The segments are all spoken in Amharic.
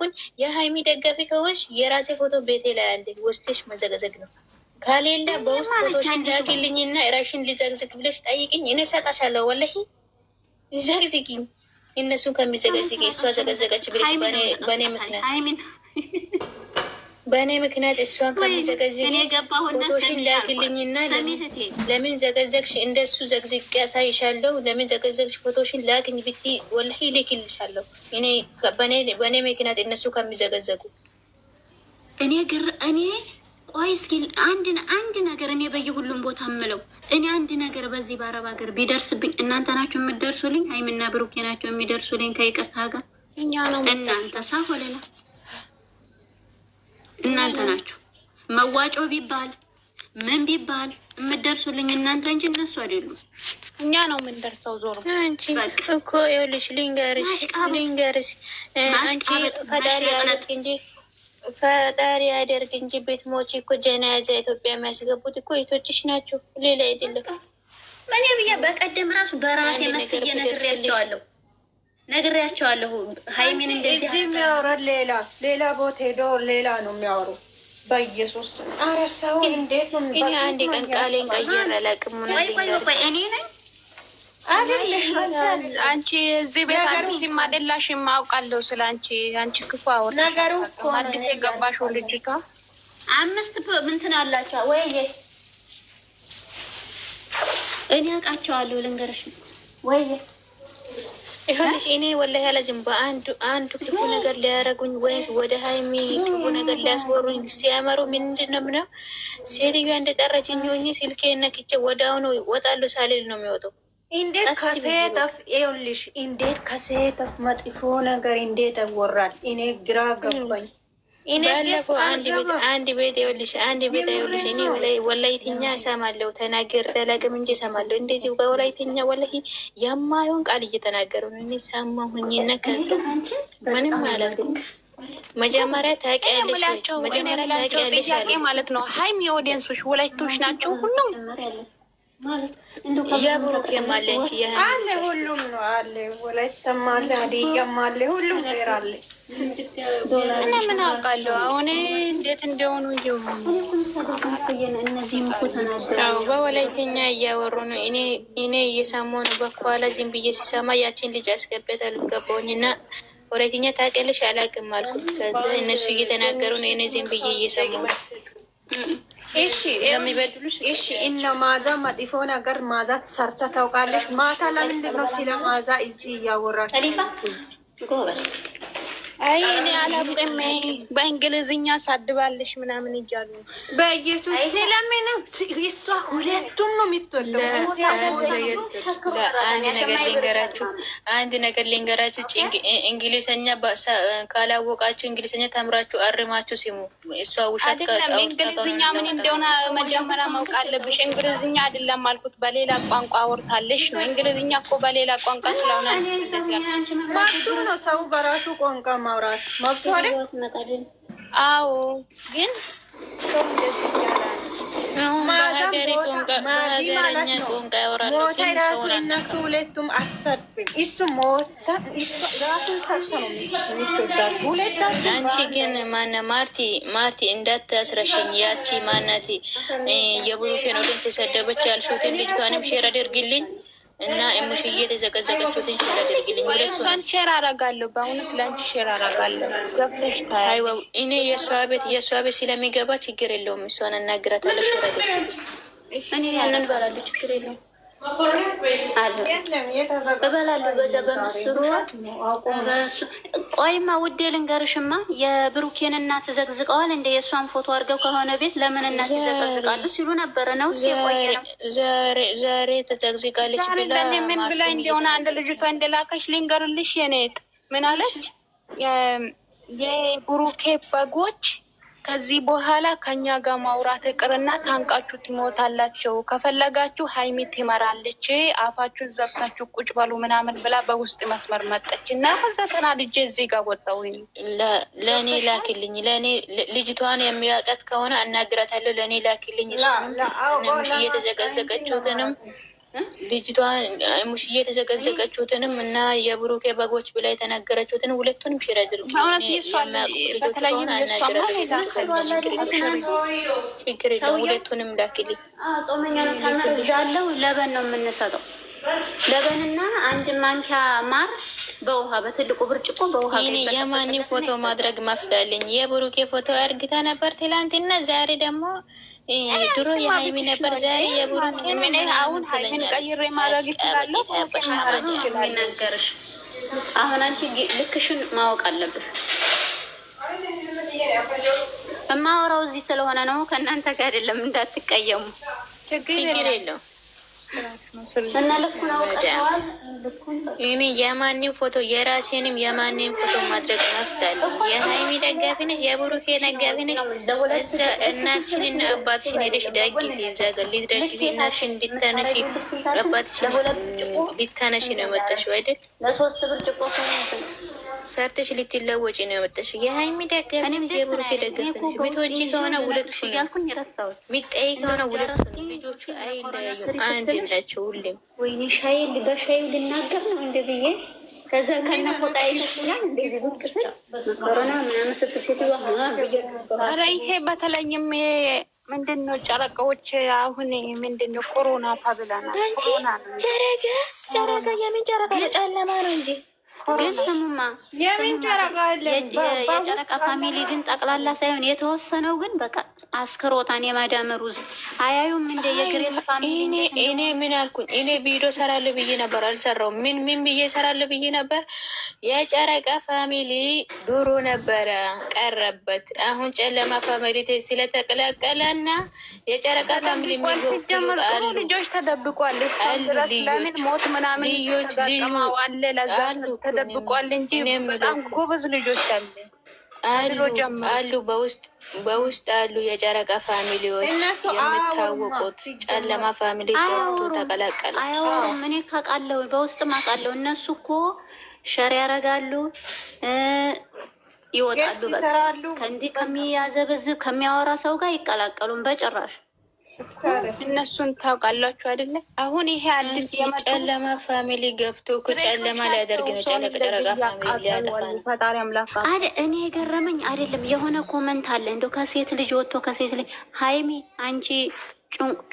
ኩኝ የሀይሚ ደጋፊ ከሆንሽ የራሴ ፎቶ ቤቴ ላይ አለ፣ ወስቴሽ መዘግዘግ ነው። ከሌለ በውስጥ ፎቶሽን ላኪልኝና ራሽን ሊዘግዝግ ብለሽ ጠይቅኝ፣ እኔ ሰጣሻለሁ። ወላሂ ዘግዝግኝ። እነሱን ከሚዘገዝግ እሷ ዘገዘገች ብለሽ በእኔ ምክንያት በእኔ ምክንያት እሷን ከዘገዘግሽላክልኝና ለምን ዘገዘግሽ? እንደሱ ዘግዝቅ ያሳይሻለሁ። ለምን ዘገዘግሽ? ፎቶሽን ላክኝ ብቲ ወላሂ ልክልሻለሁ። በእኔ ምክንያት እነሱ ከሚዘገዘጉ እኔ ግር እኔ ቆይ እስኪ አንድ አንድ ነገር እኔ በየሁሉም ቦታ ምለው እኔ አንድ ነገር በዚህ በአረብ ሀገር ቢደርስብኝ እናንተ ናችሁ የምደርሱልኝ? ሀይምና ብሩኬ ናቸው የሚደርሱልኝ ከይቅርታ ጋር እናንተ ሳ ሳሆለና እናንተ ናችሁ። መዋጮ ቢባል ምን ቢባል የምደርሱልኝ እናንተ እንጂ እነሱ አይደሉም። እኛ ነው የምንደርሰው። ዞሮ አንቺ እኮ ይኸውልሽ፣ ልንገርሽ ልንገርሽ፣ አንቺ ፈጣሪ ያለቅ እንጂ ፈጣሪ ያደርግ እንጂ ቤት ሞች እኮ ጀናያዛ ኢትዮጵያ የሚያስገቡት እኮ እህቶችሽ ናቸው፣ ሌላ አይደለም። እኔ ብዬ በቀደም ራሱ በራሴ መስዬ ነግሬያቸዋለሁ። ነግሬያቸዋለሁ። ሀይሚን እንደዚህ የሚያወራ ሌላ ሌላ ቦታ ሄዶ ሌላ ነው የሚያወሩ። በኢየሱስ ኧረ ሰው እንዴት ነው እኔ አንድ ቀን ቃሌን ቀየረ ለቅሙን እኔ ነኝ አንቺ እዚህ ቤት አዲስ ማደላሽ የማውቃለሁ ስለ አንቺ አንቺ ክፉ አወር ነገሩ አዲስ የገባሽው ልጅቷ አምስት ምንትን አላቸው ወይ እኔ አውቃቸዋለሁ። ልንገረሽ ወይ ይሁንሽ እኔ ወላሂ አላዝም በአንዱ አንዱ ክፉ ነገር ሊያረጉኝ ወይስ ወደ ሀይሚ ክፉ ነገር ሊያስወሩኝ ሲያመሩ ምንድን ነው ምነው ሴትዮዋ እንደጠረችኝ ሆኜ ስልኬ ነክቼ ወደ አሁኑ ወጣሉ ሳልል ነው የሚወጡ። እንዴት ከሴት ከሴተፍ ይኸውልሽ፣ እንዴት ከሴት ከሴተፍ መጥፎ ነገር እንዴት ያወራል? እኔ ግራ ገባኝ። አንድ ቤት ይኸውልሽ፣ አንድ ቤት ይኸውልሽ፣ እኔ ወላይትኛ እሰማለሁ ተናገር ደላቅም እንጂ እሰማለሁ። እንደዚህ በወላይትኛ ወላሂ የማይሆን ቃል እየተናገሩ ነው። እኔ ሰማሁኝና ከዛ ምንም አላልኩም። መጀመሪያ ታውቂያለሽ መጀመሪያ ታውቂያለሽ ማለት ነው። ሀይሚ የኦዲየንሶች ወላይቶች ናቸው ሁሉም የብሩኬም አለ እንጂ አለ ሁሉም ነው አለ። ወላይታም አለ፣ ሀዲያም አለ፣ ሁሉም ብሔር አለ። እኔ ምን አውቃለሁ አሁን እንዴት እንደሆኑ እየሆኑ በወላይተኛ እያወሩ ነው። እኔ እየሰማሁ ነው። በኋላ ዝም ብዬ ሲሰማ ያችን ልጅ አስገበት አልገባሁኝ እና ወላይተኛ ታውቂያለሽ አላውቅም አልኩት። ከዚያ እነሱ እየተናገሩ ነው። እኔ ዝም ብዬ እየሰማሁ ነው። እሺ የሚበድሉሽ እሺ። እና ማዛ መጥፎ ነገር ማዛ ሰርተ ታውቃለሽ? ማታ ለምንድን ነው ስለ ማዛ እዚህ እያወራችሁ? አይ እኔ አላውቅም። በእንግሊዝኛ ሳድባለሽ ምናምን እያሉ በኢየሱስ ስለምን እሷ ሁለቱም ነው የምትወደው። አንድ ነገር ልንገራችሁ፣ አንድ ነገር ልንገራችሁ። እንግሊዝኛ ካላወቃችሁ እንግሊዝኛ ተምራችሁ አርማችሁ ሲሙ። እሷ ውሸት እንግሊዝኛ ምን እንደሆነ መጀመሪያ ማወቅ አለብሽ። እንግሊዝኛ አይደለም አልኩት፣ በሌላ ቋንቋ አወርታለሽ ነው። እንግሊዝኛ እኮ በሌላ ቋንቋ ስለሆነ ነው ሰው በራሱ ቋንቋ ማውራት መብቱ አይደል? አዎ፣ ግን ማርቲ ማርቲ እንዳታስረሽኝ። ያቺ ማናት የብሩኬን ወደን ሲሰደበች ያልሽትን ልጅቷንም ሼር አድርግልኝ እና እሙሽዬ የተዘቀዘቀችው ሸር አድርግልኝ። እሷን ሸር አረጋለሁ። በእውነት ለአንቺ ሸር አረጋለሁ። ገብተሽ እኔ የእሷ ቤት የእሷ ቤት ስለሚገባ ችግር የለውም። እሷን እናግራታለሁ። ሸር አድርግልኝ። እኔ ያንን ባላለሁ። ችግር የለውም። ቆይማ ውዴ ልንገርሽማ፣ የብሩኬን እናት ዘግዝቀዋል። እንደ የእሷን ፎቶ አድርገው ከሆነ ቤት ለምን እናት ይዘቀዝቃሉ ሲሉ ነበረ። ነው ዛሬ ተዘግዝቃለች ብላ ምን ብላ እንደሆነ አንድ ልጅቷ እንደላከች ልንገርልሽ። የኔት ምን አለች? የብሩኬ በጎች ከዚህ በኋላ ከኛ ጋር ማውራት እቅርና ታንቃችሁ ትሞታላችሁ። ከፈለጋችሁ ሀይሚ ትመራለች፣ አፋችሁን ዘግታችሁ ቁጭ በሉ ምናምን ብላ በውስጥ መስመር መጠች እና ከዛ ተናድጄ እዚህ ጋር ወጣሁ። ለእኔ ላክልኝ፣ ለእኔ ልጅቷን የሚያውቃት ከሆነ አናግራታለሁ። ለእኔ ላክልኝ። እየተዘቀዘቀችው ግንም ልጅቷ ሙሽዬ የተዘቀዘቀችሁትንም እና የብሩኬ በጎች ብላ የተናገረችሁትን ሁለቱንም ሽር አድርጉ። ሁለቱንም ላክልኝ። ጾመኛ ነው ለበን ነው የምንሰጠው ለበንና አንድ ማንኪያ ማር በውሃ በትልቁ ብርጭቆ በውሃ ይኔ የማኒ ፎቶ ማድረግ መፍታልኝ። የብሩኬ ፎቶ አርግታ ነበር ትላንትና፣ ዛሬ ደግሞ ድሮ የሀይሚ ነበር፣ ዛሬ የብሩኬ አሁን ሀይሚን ቀይሬ ማድረግ ይችላለሁ። ነገርሽ አሁን አንቺ ልክሽን ማወቅ አለብሽ። እማወራው እዚህ ስለሆነ ነው፣ ከእናንተ ጋር አይደለም። እንዳትቀየሙ፣ ችግር የለው እኔ የማንም ፎቶ የራሴንም የማንም ፎቶ ማድረግ መፍታለሁ። የሀይሚ ደጋፊ ነሽ፣ የብሩኬ ደጋፊ ነሽ። እዛ እናትሽንና አባትሽን ሄደሽ ደግፊ። እዛ ጋር ልትደግፊ እናትሽን ልታነሺ አባትሽን ልታነሺ ነው የመጣሽው አይደል? ሰርተሽ ልትለወጪ ነው የመጣሽ። የሀይሚ ደገፍን የብሩኬ ደገፍን ብትወጪ ከሆነ ሁለቱ ሚጠይ ከሆነ ሁለቱ ልጆቹ አይለያዩም፣ አንድ ናቸው ሁሌም። ወይኔ ሻይ በሻይ ልናገር ነው እንደ ብዬ ከዛ ከነ ፎጣ ይመስላል እንደዚህ ብትቅስል ኮሮና ምናምን ስትሴት ኧረ ይሄ በተለይም ይሄ ምንድን ነው ጨረቃዎች፣ አሁን ምንድን ነው ኮሮና ተብለናል። ጨረቃ ጨረቃ የምን ጨረቃ? ለጨለማ ነው እንጂ ግን ስሙማ የጨረቃ ፋሚሊ ግን ጠቅላላ ሳይሆን የተወሰነው ግን በቃ አስክሮታን የማዳም ሩዝ አያዩም። እንደ የግሬስ ፋሚሊ እኔ ምን አልኩኝ? እኔ ቪዲዮ ሰራለሁ ብዬ ነበር አልሰራው። ምን ምን ብዬ ሰራለሁ ብዬ ነበር። የጨረቃ ፋሚሊ ድሮ ነበረ ቀረበት። አሁን ጨለማ ፋሚሊ ስለተቀላቀለና የጨረቃ ፋሚሊ ልጆች ተደብቋል። ለምን ሞት ምናምን ተጋጥመዋል። ለዛ ተጠብቋል እንጂ በጣም ጎበዝ ልጆች አለ አሉ በውስጥ በውስጥ አሉ። የጨረቃ ፋሚሊዎች እነሱ የምታወቁት ጨለማ ፋሚሊ ገብቶ ተቀላቀለ። አዎ እኔ ካውቃለሁ፣ በውስጥ ማቃለው። እነሱ እኮ ሸር ያደርጋሉ፣ ይወጣሉ፣ ከእንዲህ ከሚያዘበዝብ ከሚያወራ ሰው ጋር ይቀላቀሉም በጭራሽ እነሱን ታውቃላችሁ አይደለ? አሁን ይሄ አዲስ የጨለማ ፋሚሊ ገብቶ ጨለማ ሊያደርግ ነው። ጨለቅ ደረጋ ፋሚሊ እኔ የገረመኝ አይደለም የሆነ ኮመንት አለ እንደ ከሴት ልጅ ወጥቶ ከሴት ልጅ ሀይሚ አንቺ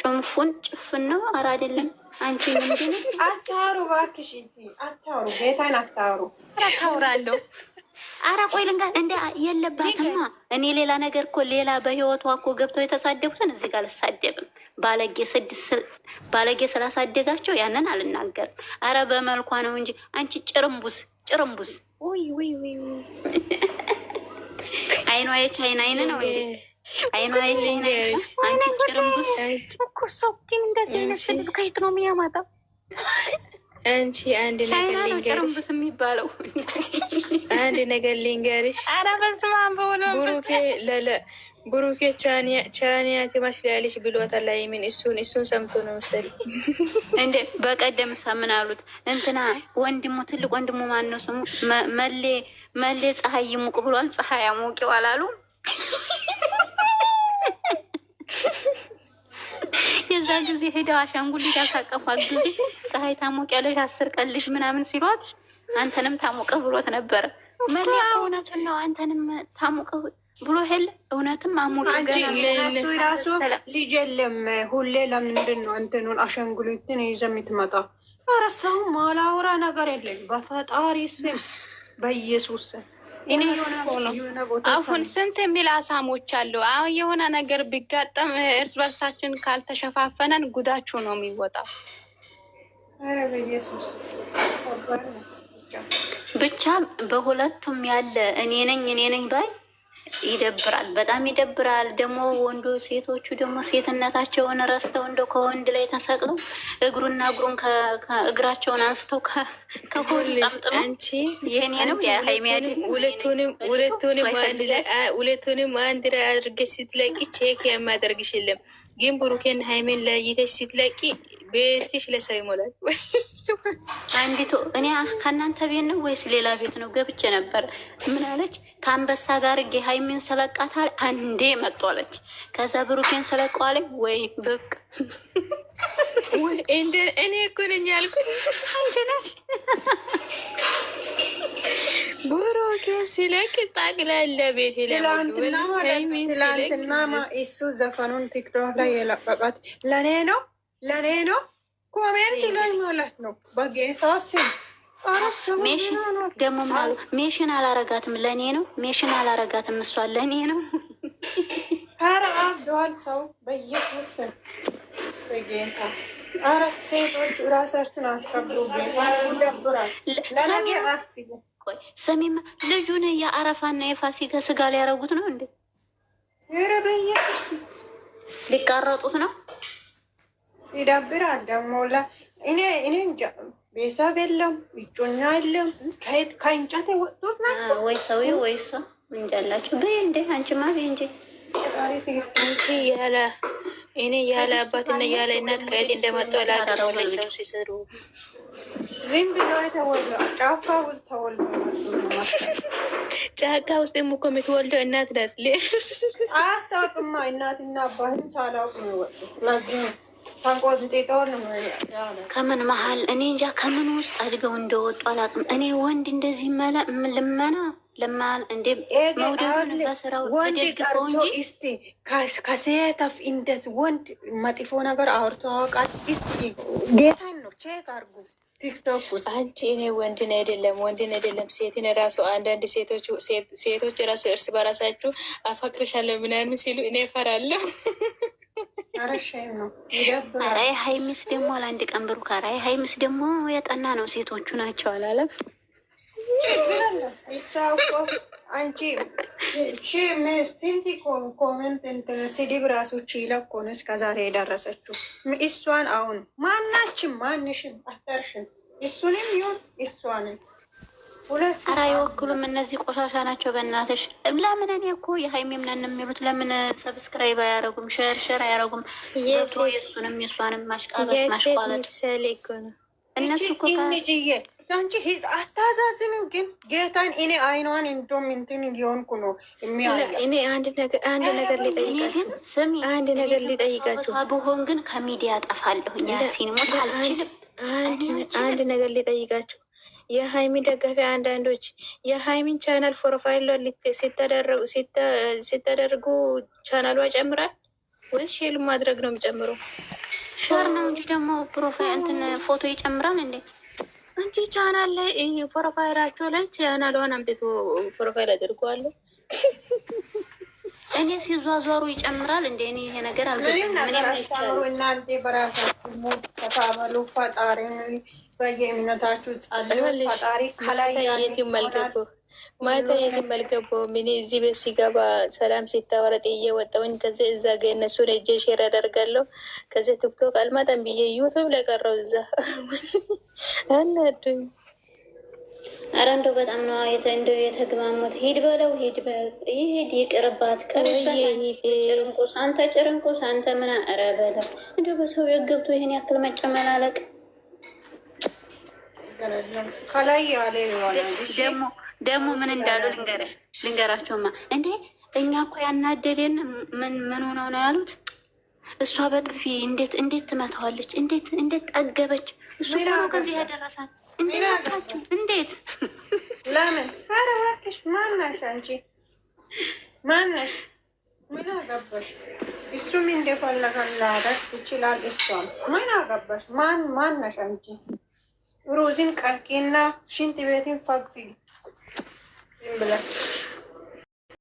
ጭንፉን ጭፍን ነው አረ አይደለም አንቺ ምንድን አታሩ እባክሽ፣ አታሩ ቤታን አታሩ ታውራለሁ አረ ቆይ ልንጋል እንደ የለባትማ። እኔ ሌላ ነገር እኮ ሌላ በህይወቷ እኮ ገብተው የተሳደቡትን እዚህ ጋር አልሳደብም። ባለጌ ስድስት ባለጌ ስላሳደጋቸው ያንን አልናገርም። አረ በመልኳ ነው እንጂ አንቺ ጭርምቡስ ጭርምቡስ። አይኗ የቻይና አይን ነው። አይኗ የቻይና አንቺ ጭርምቡስ እኮ። ሰው ግን እንደዚህ አይነት ስድብ ከየት ነው የሚያመጣው? አንቺ አንድ ነገር ልንገርሽ የሚባለው አንድ ነገር ልንገርሽ፣ ብሩኬ ብሩኬ ቻንያት ይመስላለሽ ብሎታል ላይሚን እሱን እሱን ሰምቶ ነው መሰለኝ። እንደ በቀደም ምን አሉት እንትና ወንድሙ ትልቅ ወንድሙ ማን ነው ስሙ መሌ መሌ ፀሐይ ይሙቅ ብሏል። ፀሐይ አሞቂው አላሉ የዛ ጊዜ ሄደው አሻንጉሊት ያሳቀፏት ጊዜ ፀሐይ ታሞቅ ያለሽ አስር ቀልሽ ምናምን ሲሏት አንተንም ታሞቀ ብሎት ነበረ። መለያ እውነቱን ነው። አንተንም ታሞቀ ብሎ ሄል እውነትም አሙሉ ራሱ ልጅ የለም። ሁሌ ለምንድን ነው አንተኑን አሻንጉሊትን ይዘ የምትመጣ? ኧረ አላውራ ነገር የለኝ በፈጣሪ ስም በኢየሱስ ስም እኔ አሁን ስንት የሚል አሳሞች አሉ። አሁን የሆነ ነገር ቢጋጠም እርስ በርሳችን ካልተሸፋፈነን ጉዳችሁ ነው የሚወጣው። ብቻ በሁለቱም ያለ እኔ ነኝ እኔ ነኝ ባይ ይደብራል፣ በጣም ይደብራል። ደግሞ ወንዶ ሴቶቹ ደግሞ ሴትነታቸውን ረስተው እንደ ከወንድ ላይ ተሰቅለው እግሩና እግሩን እግራቸውን አንስተው ከሁልጣምጥመንቺ ይህኔንም ሁለቱንም አንድ ላይ አድርገሽ ስትለቂ ቼክ የማደርግሽ የለም። ግን ብሩኬን ሃይሜን ለይተሽ ስትለቂ ቤትሽ ለሰው ይሞላል። አንዲቱ እኔ ከእናንተ ቤት ነው ወይስ ሌላ ቤት ነው ገብቼ ነበር። ምን አለች? ከአንበሳ ጋር ጌ ሀይሚን ስለቃታል አንዴ መጧለች። ከዛ ብሩኬን ስለቀዋለ ወይ ብቅ እኔ እኮ ነኝ ያልኩት አንችናል ብሩኬ ሲለቅ ጠቅላላ ቤት ለሚን ትላንትና እሱ ዘፈኑን ቲክቶክ ላይ የለቀቃት ለእኔ ነው ለእኔ ነው። ኮሜንት ላይ ማለት ነው። በጌታ ስም ደግሞ ሜሽን ah. አላረጋትም። ለእኔ ነው። ሜሽን አላረጋትም። እሷ ለእኔ ነው። ኧረ አብደዋል ሰው በጌታ ሴቶች እራሳችሁን አስከብሩ። ልጁን የአረፋና የፋሲካ ስጋ ሊያረጉት ነው እንዴ? ሊቃረጡት ነው። ይዳብራል ደግሞ እኔ እኔ እንጃ ቤተሰብ የለም፣ እጮኛ የለም። ከየት ከእንጨት የወጡት ናቸው ወይ ሰው ወይ ሰው እንጃላቸው። በይ እንዴ አንቺማ በይ እንጂ አንቺ ያለ እኔ ያለ አባትና ያለ እናት ከየት እንደመጡ አላውቅም። ላይ ሰው ሲሰሩ ዝም ብሎ የተወለ ጫካ ውስጥ ተወልዶ ጫካ ውስጥ እኮ የምትወልደው እናት ናት። አያስታውቅማ እናትና አባህን ሳላውቅ ነው የወጡ ለዚህ ነው ከምን መሀል እኔ እንጃ ከምን ውስጥ አድገው እንደወጡ አላውቅም። እኔ ወንድ እንደዚህ መለ ልመና ለማል እንደ ወንድ ቀርቶ እስቲ ከሴተፍ እንደዚ ወንድ መጥፎ ነገር አውርቶ አወቃል? እስቲ ጌታን ነው ቼክ አርጉ። ቲክቶክ አንቺ እኔ ወንድን አይደለም ወንድን አይደለም ሴትን ራሱ አንዳንድ ሴቶች ራሱ እርስ በራሳችሁ አፈቅርሻለሁ ምናምን ሲሉ እኔ እፈራለሁ። ሀይ ሀይሚስ ደግሞ ለአንድ ቀን ብሩክ ሀይ ሀይሚስ ደግሞ የጠና ነው ሴቶቹ ናቸው አላለም። አንቺ ስንት ኮመንት እንትን ስድብ ራሱ ችላ እኮ ነው እስከዛሬ የደረሰችው። እሷን አሁን ማናችም ማንሽም አተርሽም እሱንም ይሁን እሷንም አራ አይወክሉም። እነዚህ ቆሻሻ ናቸው። በእናትሽ ለምን እኔ እኮ የሀይሜም ነን የሚሉት ለምን ሰብስክራይብ አያረጉም? ሸር ሸር አያረጉም? ቶ የእሱንም የእሷንም ማሽቃበት ማሽቋለት አንቺ ሂዝ አታዛዝንም። ግን ጌታን እኔ አይኗን እንዶም እንትን ሊሆንኩ ነው የሚያእኔ አንድ ነገር አንድ ነገር ሊጠይቃችሁ ስሚ፣ አንድ ነገር ሊጠይቃችሁ ብሆን ግን ከሚዲያ ጠፋለሁኝ። ያሲን ሞት አልችልም። አንድ ነገር ሊጠይቃችሁ የሀይሚ ደጋፊ አንዳንዶች የሀይሚን ቻናል ፕሮፋይል ሲተደርጉ ቻናሏ ጨምራል ወይስ ሼል ማድረግ ነው የሚጨምሩ? ሸር ነው እንጂ ደግሞ ፕሮፋይል እንትን ፎቶ ይጨምራል እንዴ? አንቺ ቻናል ላይ ፕሮፋይላቸው ላይ ቻናሏን አምጥቶ ፕሮፋይል አድርገዋለ። እኔ ሲዟዟሩ ይጨምራል እንዴ? እኔ ይሄ ነገር እናንተ በራሳችሁ አልገ በየእምነታችሁ ጸልዩ። ፈጣሪ ከላይ የትም አልገባሁ ማታ የትም አልገባሁም። እኔ እዚህ ቤት ሲገባ ሰላም ሲታወራ ጥዬ ወጣሁኝ። ከዚህ እዛ ጋ እነሱ ደጀ ሼር አደርጋለሁ። ከዚህ ቲክቶክ አልመጣም ብዬ ዩቱብ ለቀረው እዛ አናዱኝ። አረ እንደው በጣም ነው እንደው የተግማሙት። ሂድ በለው ሂድ ይሄድ ይቅርባት፣ ጭርንቁስ አንተ ጭርንቁስ አንተ ምና አረ በለው እንደው በሰው ቤት ገብቶ ይሄን ያክል መጨመላለቅ ከላይ ያለ ደግሞ ደግሞ ምን እንዳሉ ልንገረሽ ልንገራቸውማ። እንዴ እኛ እኮ ያናደደን ምን ምን ሆነው ነው ያሉት። እሷ በጥፊ እንዴት እንዴት ትመታዋለች? እንዴት እንዴት ጠገበች? እሱ ሆኖ ከዚህ ያደረሳል እንዴታቸው እንዴት ለምን? ኧረ እባክሽ ማናሽ አንቺ ማናሽ ምን አገባሽ? እሱም እንደፈለገ ላደርግ ይችላል። እሷም ምን አገባሽ? ማን ማናሽ አንቺ ሩዝን ቀልቂና ሽንት ቤትን ፈግፊ ዝም